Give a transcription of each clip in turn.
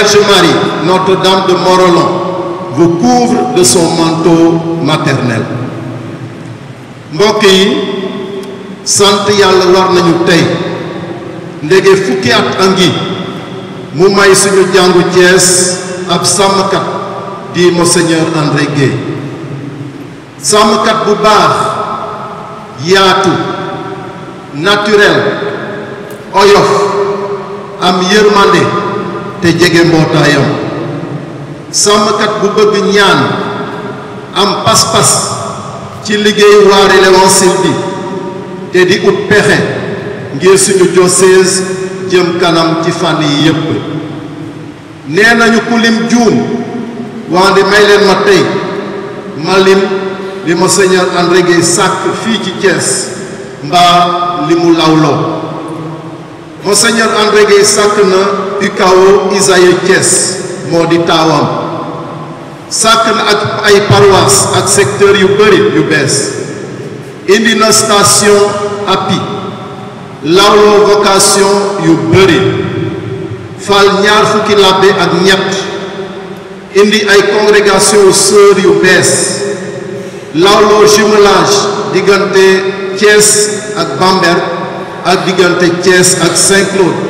Vierge Marie, Notre-Dame de Morolon, vous couvre de son manteau maternel mbokk Sante Yalla yàlla war nañu tey ndege Fukiat at a ngi may suñu dit Monseigneur André Gay. Samkat Boubar, baax naturel oyof am Yermande, te jege mbootaayam sàmmkat bu bëgg ñaan am pas-pas ci liggéey waari Léonsil bi te di ut pexe ngir suñu diocèse jëm kanam ci fànn yi yépp nee nañu ku lim juum wande may leen ma tey ma lim li monseigneur André sàkk fii ci Thiès mbaa li mu lawloo monseigneur André Guèye sàkk na UCAO Isaïe Thiès moo di taawam sàkk na ak ay paroisse ak secteur yu bëri yu bees indi na station API lawloo vocation yu bëri fal ñaar fukki labbe ak ñett indi ay congrégation sœur yu bees lawloo jumelage diggante Thiès ak Bamberg ak diggante Thiès ak Saint-Claude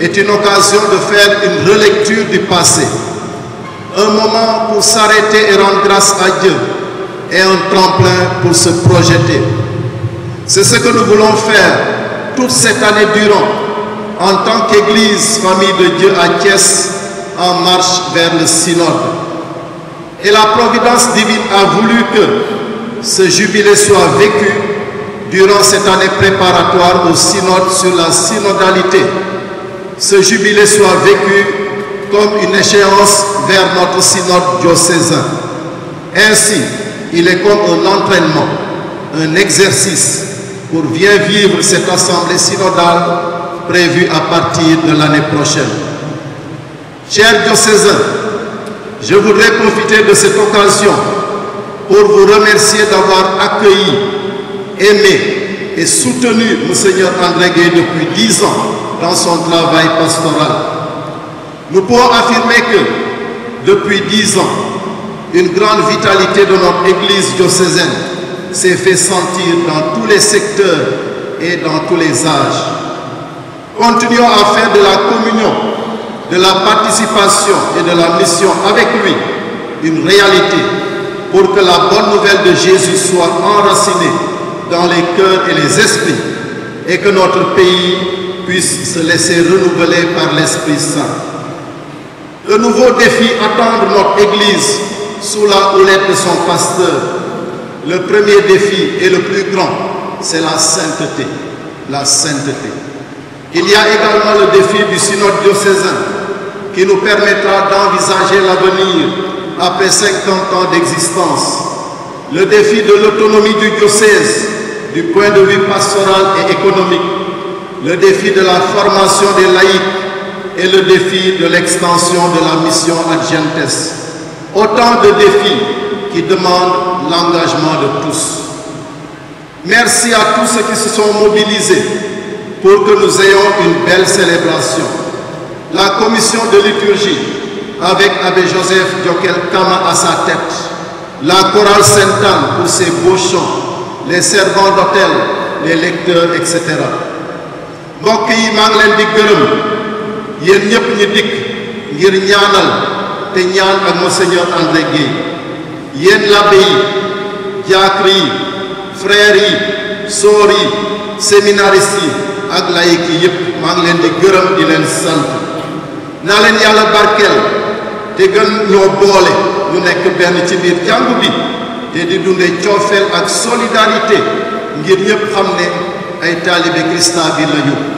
est une occasion de faire une relecture du passé, un moment pour s'arrêter et rendre grâce à Dieu et un tremplin pour se projeter. C'est ce que nous voulons faire toute cette année durant en tant qu'Église Famille de Dieu à Thiès en marche vers le synode. Et la providence divine a voulu que ce jubilé soit vécu durant cette année préparatoire au synode sur la synodalité ce jubilé soit vécu comme une échéance vers notre synode diocésain. Ainsi, il est comme un entraînement, un exercice pour bien vivre cette assemblée synodale prévue à partir de l'année prochaine. Chers diocésains, je voudrais profiter de cette occasion pour vous remercier d'avoir accueilli, aimé et soutenu Monseigneur André Gué depuis dix ans dans son travail pastoral. Nous pouvons affirmer que depuis dix ans, une grande vitalité de notre Église diocésaine s'est fait sentir dans tous les secteurs et dans tous les âges. Continuons à faire de la communion, de la participation et de la mission avec lui une réalité pour que la bonne nouvelle de Jésus soit enracinée dans les cœurs et les esprits et que notre pays puisse se laisser renouveler par l'Esprit Saint. Le nouveau défi attend notre Église sous la houlette de son pasteur. Le premier défi et le plus grand, c'est la sainteté. La sainteté. Il y a également le défi du synode diocésain qui nous permettra d'envisager l'avenir après 50 ans d'existence. Le défi de l'autonomie du diocèse du point de vue pastoral et économique le défi de la formation des laïcs et le défi de l'extension de la mission Agentes. Autant de défis qui demandent l'engagement de tous. Merci à tous ceux qui se sont mobilisés pour que nous ayons une belle célébration. La commission de liturgie, avec Abbé Joseph Diokel Kama à sa tête, la chorale saint anne pour ses beaux chants, les servants d'hôtel, les lecteurs, etc. mbokk yi maa ngi leen di gërëm yéen ñëpp ñu dikk ngir ñaanal te ñaan ak monseigneur André Guèye yéen l'abbé yi diacre yi frères yi sœurs yi séminaristes yi ak laïc yi yëpp maa leen di gërëm di leen sant naa leen yàlla barkeel te gën ñoo boole ñu nekk benn ci biir jàngu bi te di dunde coofeel ak solidarité ngir ñépp xam ne ay taalibe Christ bi lañu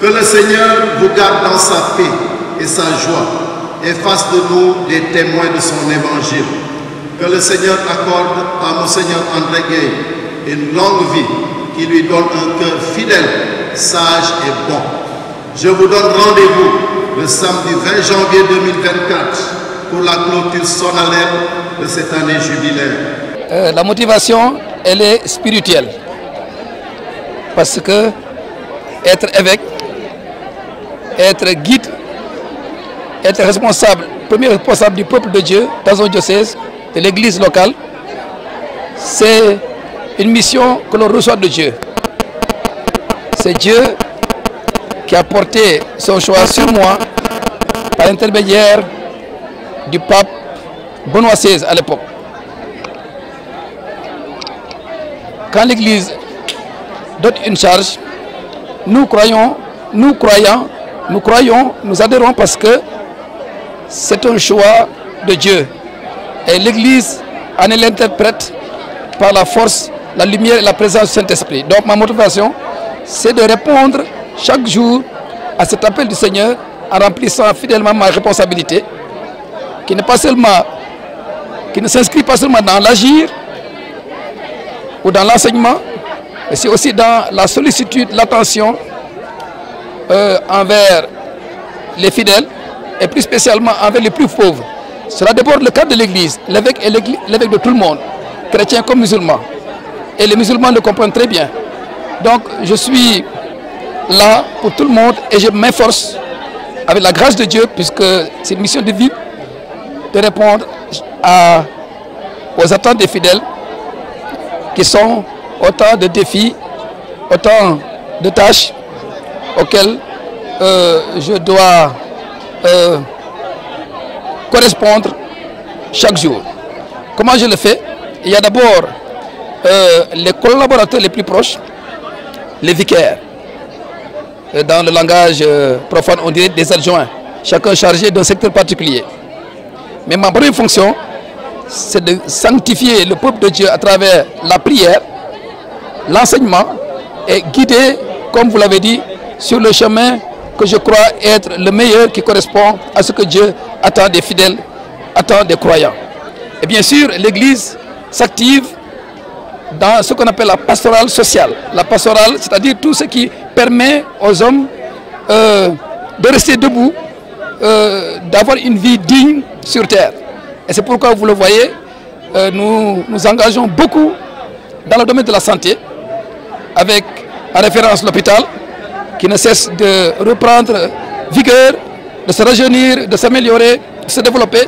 que le Seigneur vous garde dans sa paix et sa joie et fasse de nous des témoins de son évangile que le Seigneur accorde à Monseigneur André Gay une longue vie qui lui donne un cœur fidèle sage et bon je vous donne rendez-vous le samedi 20 janvier 2024 pour la clôture solennelle de cette année jubilaire euh, la motivation elle est spirituelle parce que être évêque, être guide, être responsable, premier responsable du peuple de Dieu dans son diocèse, de l'église locale, c'est une mission que l'on reçoit de Dieu. C'est Dieu qui a porté son choix sur moi par l'intermédiaire du pape Benoît XVI à l'époque. Quand l'Église d'autres une charge. Nous croyons, nous croyons, nous croyons, nous adhérons parce que c'est un choix de Dieu. Et l'Église en est l'interprète par la force, la lumière et la présence du Saint-Esprit. Donc ma motivation, c'est de répondre chaque jour à cet appel du Seigneur en remplissant fidèlement ma responsabilité, qui n'est pas seulement, qui ne s'inscrit pas seulement dans l'agir ou dans l'enseignement, c'est aussi dans la sollicitude, l'attention euh, envers les fidèles et plus spécialement envers les plus pauvres. Cela déborde le cadre de l'Église. L'évêque est l'évêque de tout le monde, chrétien comme musulman. Et les musulmans le comprennent très bien. Donc je suis là pour tout le monde et je m'efforce, avec la grâce de Dieu, puisque c'est une mission de vie, de répondre aux attentes des fidèles qui sont autant de défis, autant de tâches auxquelles euh, je dois euh, correspondre chaque jour. Comment je le fais Il y a d'abord euh, les collaborateurs les plus proches, les vicaires. dans le langage profane, on dirait des adjoints, chacun chargé d'un secteur particulier. Mais ma première fonction, c'est de sanctifier le peuple de Dieu à travers la prière, l'enseignement est guidé, comme vous l'avez dit, sur le chemin que je crois être le meilleur qui correspond à ce que Dieu attend des fidèles, attend des croyants. Et bien sûr, l'Église s'active dans ce qu'on appelle la pastorale sociale. La pastorale, c'est-à-dire tout ce qui permet aux hommes euh, de rester debout, euh, d'avoir une vie digne sur Terre. Et c'est pourquoi, vous le voyez, euh, nous nous engageons beaucoup dans le domaine de la santé, avec à référence l'hôpital, qui ne cesse de reprendre vigueur, de se rajeunir, de s'améliorer, de se développer.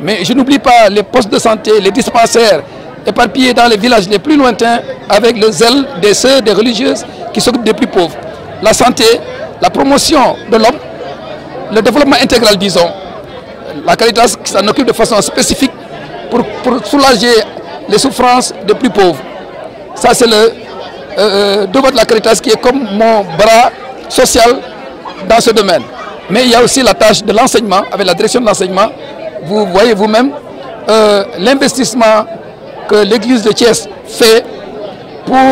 Mais je n'oublie pas les postes de santé, les dispensaires éparpillés dans les villages les plus lointains avec le zèle des sœurs, des religieuses qui s'occupent des plus pauvres. La santé, la promotion de l'homme, le développement intégral, disons. La Caritas s'en occupe de façon spécifique pour, pour soulager les souffrances des plus pauvres. Ça, c'est le euh, de votre qui est comme mon bras social dans ce domaine. Mais il y a aussi la tâche de l'enseignement, avec la direction de l'enseignement. Vous voyez vous-même euh, l'investissement que l'église de Thiès fait pour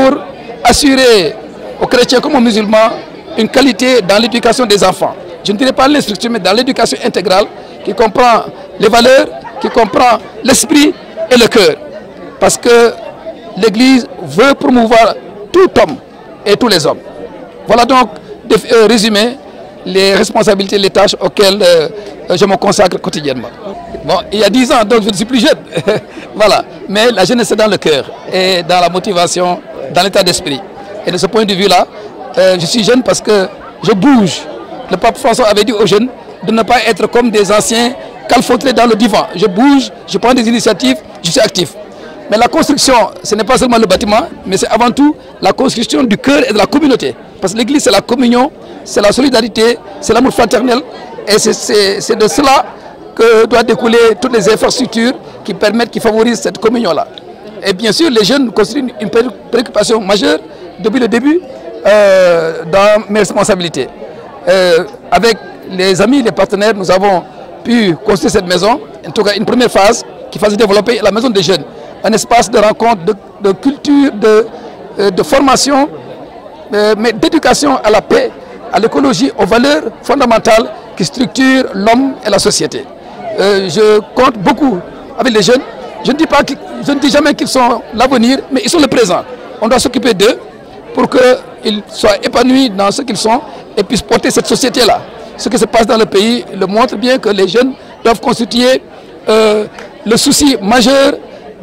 assurer aux chrétiens comme aux musulmans une qualité dans l'éducation des enfants. Je ne dirais pas l'instruction, mais dans l'éducation intégrale qui comprend les valeurs, qui comprend l'esprit et le cœur. Parce que l'Église veut promouvoir tout homme et tous les hommes. Voilà donc de euh, résumer les responsabilités, les tâches auxquelles euh, euh, je me consacre quotidiennement. Bon, il y a 10 ans, donc je ne suis plus jeune. voilà. Mais la jeunesse est dans le cœur et dans la motivation, dans l'état d'esprit. Et de ce point de vue-là, je suis jeune parce que je bouge. Le pape François avait dit aux jeunes de ne pas être comme des anciens calfotrés dans le divan. Je bouge, je prends des initiatives, je suis actif. Mais la construction, ce n'est pas seulement le bâtiment, mais c'est avant tout la construction du cœur et de la communauté. Parce que l'Église, c'est la communion, c'est la solidarité, c'est l'amour fraternel. Et c'est de cela que doivent découler toutes les infrastructures qui permettent, qui favorisent cette communion-là. Et bien sûr, les jeunes constituent une préoccupation majeure depuis le début euh, dans mes responsabilités. Euh, avec les amis, les partenaires, nous avons pu construire cette maison, en tout cas une première phase qui faisait développer la maison des jeunes un espace de rencontre, de, culture, de, euh, de formation, euh, mais d'éducation à la paix, à l'écologie, aux valeurs fondamentales qui structurent l'homme et la société. Euh, je compte beaucoup avec les jeunes. Je ne dis, pas je ne dis jamais qu'ils sont l'avenir, mais ils sont le présent. On doit s'occuper d'eux pour qu'ils soient épanouis dans ce qu'ils sont et puissent porter cette société-là. Ce qui se passe dans le pays le montre bien que les jeunes doivent constituer le souci majeur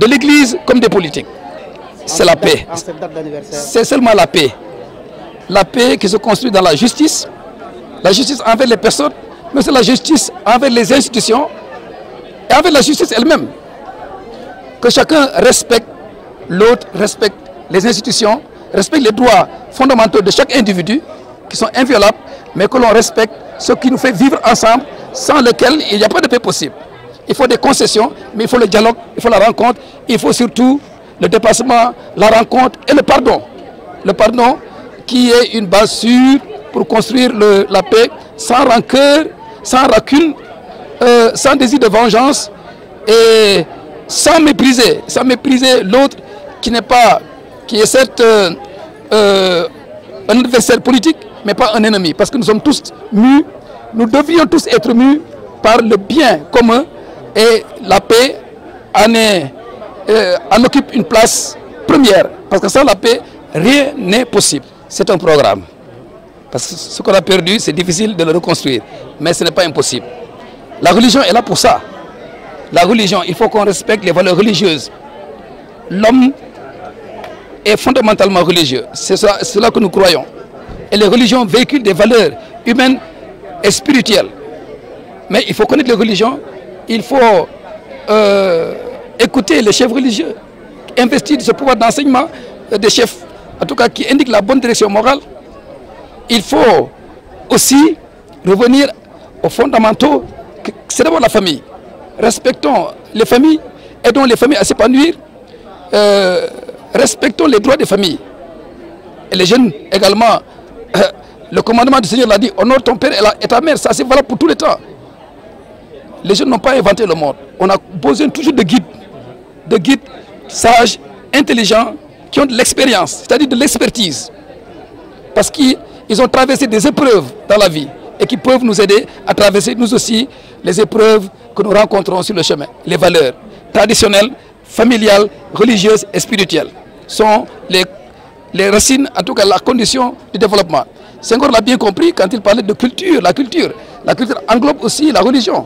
de l'Église comme des politiques. C'est la paix. C'est seulement la paix. La paix qui se construit dans la justice, la justice envers les personnes, mais c'est la justice envers les institutions et envers la justice elle-même. Que chacun respecte l'autre, respecte les institutions, respecte les droits fondamentaux de chaque individu qui sont inviolables, mais que l'on respecte ce qui nous fait vivre ensemble, sans lequel il n'y a pas de paix possible il faut des concessions, mais il faut le dialogue, il faut la rencontre, il faut surtout le dépassement, la rencontre et le pardon. Le pardon qui est une base sûre pour construire la paix sans rancœur, sans racune, euh, sans désir de vengeance et sans mépriser, mépriser l'autre qui n'est pas, qui est certes euh, euh, un adversaire politique, mais pas un ennemi, parce que nous sommes tous mus, nous devions tous être mus par le bien commun et la paix euh, en, occupe une place première. Parce que sans la paix, rien n'est possible. C'est un programme. Parce que ce qu'on a perdu, c'est difficile de le reconstruire. Mais ce n'est pas impossible. La religion est là pour ça. La religion, il faut qu'on respecte les valeurs religieuses. L'homme est fondamentalement religieux. C'est cela que nous croyons. Et les religions véhiculent des valeurs humaines et spirituelles. Mais il faut connaître les religions il faut euh, écouter les chefs religieux, investir ce pouvoir d'enseignement des chefs, en tout cas qui indique la bonne direction morale. Il faut aussi revenir aux fondamentaux, c'est d'abord la famille. Respectons les familles, aidons les familles à s'épanouir, euh, respectons les droits des familles. Et les jeunes également, euh, le commandement du Seigneur l'a dit, honore ton père et ta mère, ça c'est valable pour tous les temps. Les jeunes n'ont pas inventé le monde. On a besoin toujours de guides, de guides sages, intelligents, qui ont de l'expérience, c'est-à-dire de l'expertise. Parce qu'ils ont traversé des épreuves dans la vie et qui peuvent nous aider à traverser nous aussi les épreuves que nous rencontrons sur le chemin. Les valeurs traditionnelles, familiales, religieuses et spirituelles sont les, les racines, en tout cas la condition du développement. Senghor l'a bien compris quand il parlait de culture, la culture. La culture englobe aussi la religion.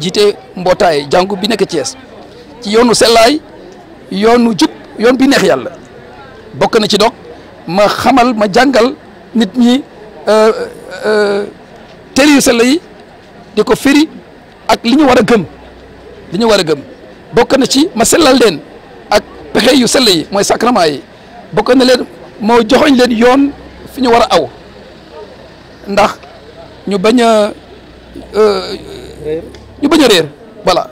jiite mbootaay jàngu bi nekk Thiès ci yoonu sellaay yoonu jub yoon bi neex yàlla bokk na ci dog ma xamal ma jàngal nit ñi euh, euh, téere yu sell yi di ko firi ak li ñu war a gëm li ñu war a gëm bokk na ci ma sellal leen ak pexe yu sell yi mooy sacrement yi bokk na leen moo joxoñ leen yoon fi ñu war a aw ndax ñu bañ a. Euh, ñu bañ a voilà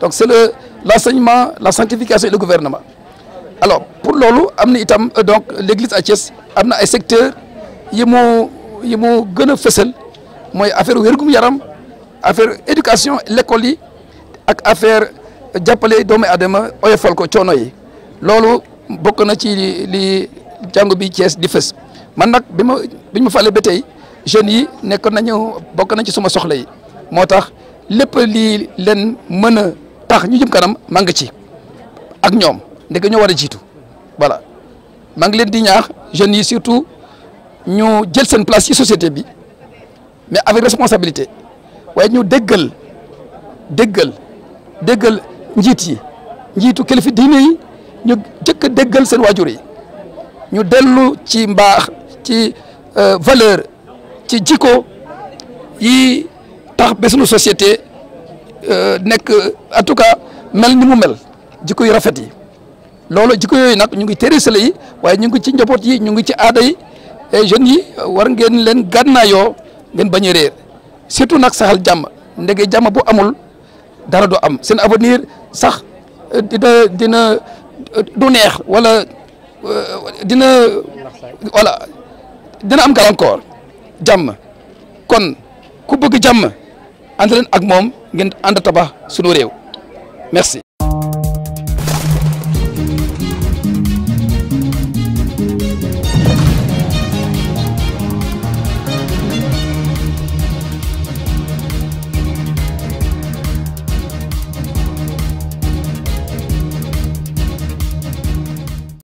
donc c'est le l'enseignement la sanctification et le gouvernement alors pour loolu am itam euh, donc l'église à Thiès am na ay secteurs yi mu yi mu gën a fësal affaire wérgum yaram affaire éducation l'école yi ak affaire jàppale doomu aadama oyofal ko coono yi loolu bokk na ci li jàngu bi Thiès di fës man nag bi ma bi ñu ma falee ba tey jeunes yi nekk nañu bokk nañ ci suma soxla yi moo lepp li len meuna tax ñu jëm kanam maa ci ak ñom voilà maa leen di ñaax jeune yi surtout ñu jël place société mais avec responsabilité way ñu déggal déggal déggal Nous yi njitu kelifi yi ñu ñu ci ci euh, valeur ci yi tax ba suñu euh, nekk en tout cas mel ni mu mel jikko yu rafet yi loolu jikko yooyu nag ñu ngi téere sële yi waaye ñu ngi ci njaboot yi ñu ngi ci aada jeunes yi war ngeen leen gànnaayoo ngeen bañ a surtout nag saxal jàmm ndege jàmm boo amul dara du am seen avenir sax euh, dina dina euh, du neex wala dina wala dina am gàllankoor jàmm kon ku bëgg jàmm ànd leen ak moom ngeen ànd tabax suñu réew merci